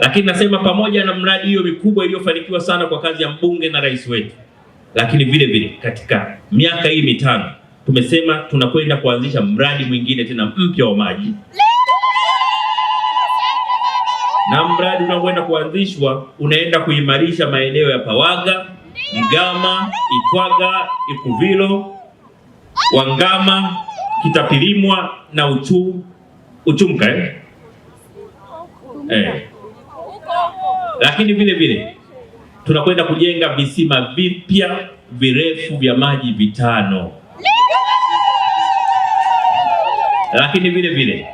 Lakini nasema pamoja na mradi hiyo mikubwa iliyofanikiwa sana kwa kazi ya mbunge na rais wetu, lakini vile vile katika miaka hii mitano tumesema tunakwenda kuanzisha mradi mwingine tena mpya wa maji, na mradi unaokwenda kuanzishwa unaenda kuimarisha maeneo ya Pawaga, ngama Itwaga, Ikuvilo, Wangama, Kitapilimwa na Uchu, Uchumka eh? Eh lakini vile vile tunakwenda kujenga visima vipya virefu vya maji vitano, lakini vile vile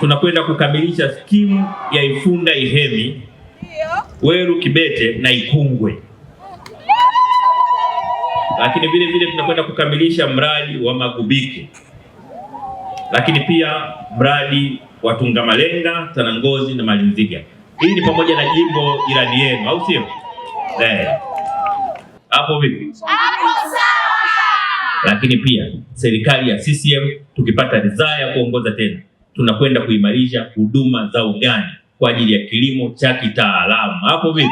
tunakwenda kukamilisha skimu ya Ifunda, Ihemi, Weru, Kibete na Ikungwe, lakini vile vile tunakwenda kukamilisha mradi wa Magubike, lakini pia mradi wa Tungamalenga, Tanangozi na Malinziga. Hii ni pamoja na jimbo jirani yenu, au sio? Eh. Hapo vipi? Lakini pia serikali ya CCM tukipata ridhaa ya kuongoza tena, tunakwenda kuimarisha huduma za ugani kwa ajili ya kilimo cha kitaalamu. Hapo vipi?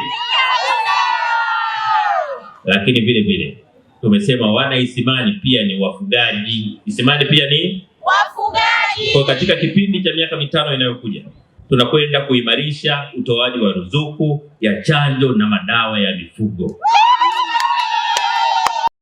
Lakini vile vile tumesema wana Isimani pia ni wafugaji. Isimani pia ni wafugaji. Kwa katika kipindi cha miaka mitano inayokuja tunakwenda kuimarisha utoaji wa ruzuku ya chanjo na madawa ya mifugo.